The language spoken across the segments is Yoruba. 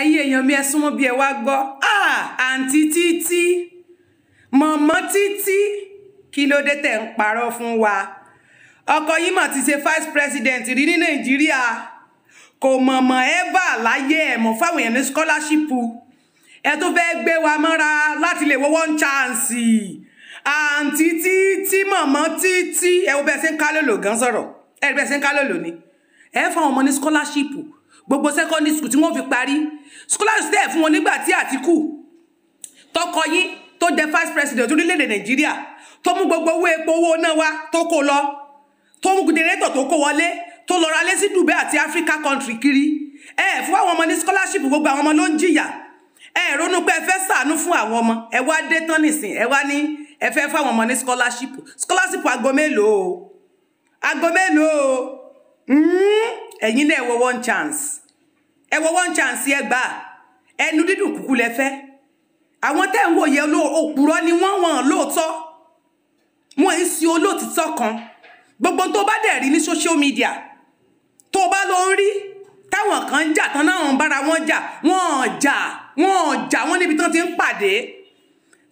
ẹ̀yin èèyàn mi ẹ súnmọ́ bí ẹ wá gbọ́ ah, àǹtí títí mọ̀mọ́ títí kí ló dé tẹ̀ ń parọ́ fún wa ọkọ yìí mà ti ṣe vice president rí ní nàìjíríà kò mọ̀mọ́ ẹ́bà láyé ẹ̀ mọ̀ fáwọn èèyàn ní scholarship ẹ tó fẹ́ gbé wa mọ́ra láti lè wọ́ one chance àǹtí títí mọ̀mọ́ títí ẹ wo bẹ́ẹ̀ ṣe ń kálòlò gan sọ̀rọ̀ ẹ bẹ́ẹ̀ ṣe ń kálòlò ni ẹ fáwọn ọmọ ní scholarship gbogbo secondary school tí wọ́n fi parí scholarship tẹ̀ fún wọn nígbà tí Àtíkù tọkọ yín tó jẹ́ first president orílẹ̀-èdè Nàìjíríà tó mú gbogbo owó epo owó náà wá tó kó lọ tó mú jẹnẹrétọ̀ tó kó wọlé tó lọ ra lé sí Dubai àti Africa country kiri ẹ ẹ fún àwọn ọmọ ní scholarship gbogbo àwọn ọmọ ló ń jìyà ẹ ẹ ronú pé ẹ fẹ́ ṣàánú fún àwọn ọmọ ẹ wá dé tán nìsín ẹ wá ní ẹ fẹ́ fún àwọn ọmọ ní scholarship scholarship aago mélòó aago mélòó. hmm ẹ̀yin náà ẹ one chance ẹ wọ one chance ẹ gbà ẹnu dídùn kúkú lẹ fẹ́ àwọn tẹ́ ń wòye òpùrọ́ ni wọ́n wọ̀n lóòótọ́ wọn ń sin olóòtítọ́ kan gbogbo tó bá dẹ̀ rí ní social media tó bá lọ ń rí táwọn kan ń jà tán náà ń bára wọn jà wọn jà wọn jà wọn níbi tán ti ń pàdé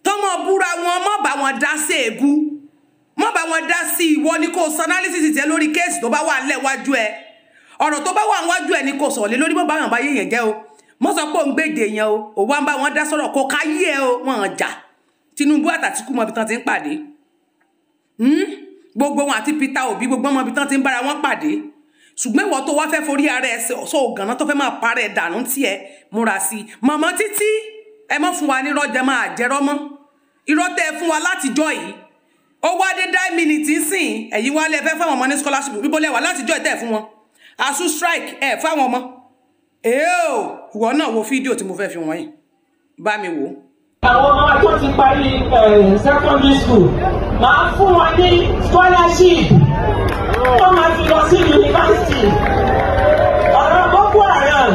tọmọ búra wọn mọ bá wọn dá sí ègún mọ bá wọn dá sí ìwọ ni kò sọ analysis tẹ lórí kéèsì tó bá wà nílẹ̀ wájú ẹ ọ̀rọ̀ tó bá wà níwájú ẹ̀ ni kò sọ̀rọ̀ lé lórí bó bá yàn bá yéèyàn jẹ́ o mo sọ pé òun gbèdè yẹn o òun wá ń bá wọn dá sọ̀rọ̀ kó káyé ẹ o wọn jà Tinubu àtàtìkù mọbi tán ti ń pàdé hmm? gbogbo wọn àti Peter Obi gbogbo mọbi tán ti ń bára wọn pàdé ṣùgbọ́n ìwọ tó wá fẹ́ forí ara ẹ sọ ògànná tó fẹ́ máa parẹ́ dànù tiẹ̀ múra sí i mọ̀mọ́ títí ẹ mọ́ fún wa ní rọ́jẹ máa jẹ́rọ́ mọ́ irọ́ tẹ́ ẹ fún wa látijọ́ yìí ó wá dé dáìmínì tí ń sìn ẹ̀yìn wálé ẹ fẹ́ fún àwọn ọmọ ní scholarship bíbólẹ́wà látijọ́ ẹ tẹ́ ẹ fún wọn Asu strike ẹ fáwọn ọmọ èyí ò ìwọ náà wo fídíò tí mo fẹ́ fi wọ́n yìí bá mi wò ó àwọn ọmọ tó ti parí secondary school máa fún wọn ní scholarship tó máa fi lọ sí yunifásitì ọ̀rọ̀ boko haram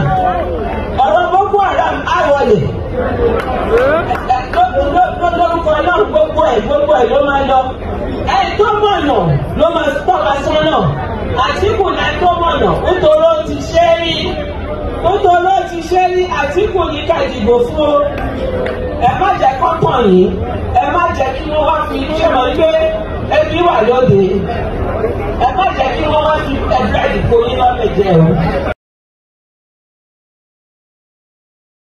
ọ̀rọ̀ boko haram àwọlẹ̀ lórúkọ náà gbogbo ẹ̀ gbogbo ẹ̀ ló máa lọ ẹ̀ tó mọ̀nà ló máa tọ́ka sọ́nà. Àtíkù ní gómìnà nítorí ó ti ṣe rí nítorí ó ti ṣe rí Àtíkù ní ká dìbò fún o ẹ má jẹ́ kọ́tàn yìí ẹ má jẹ́ kí wọ́n wá fi ṣe mọ̀ pé ẹbí wà lóde ẹ má jẹ́ kí wọ́n wá fi ẹgbẹ́ ìdìbò yín o.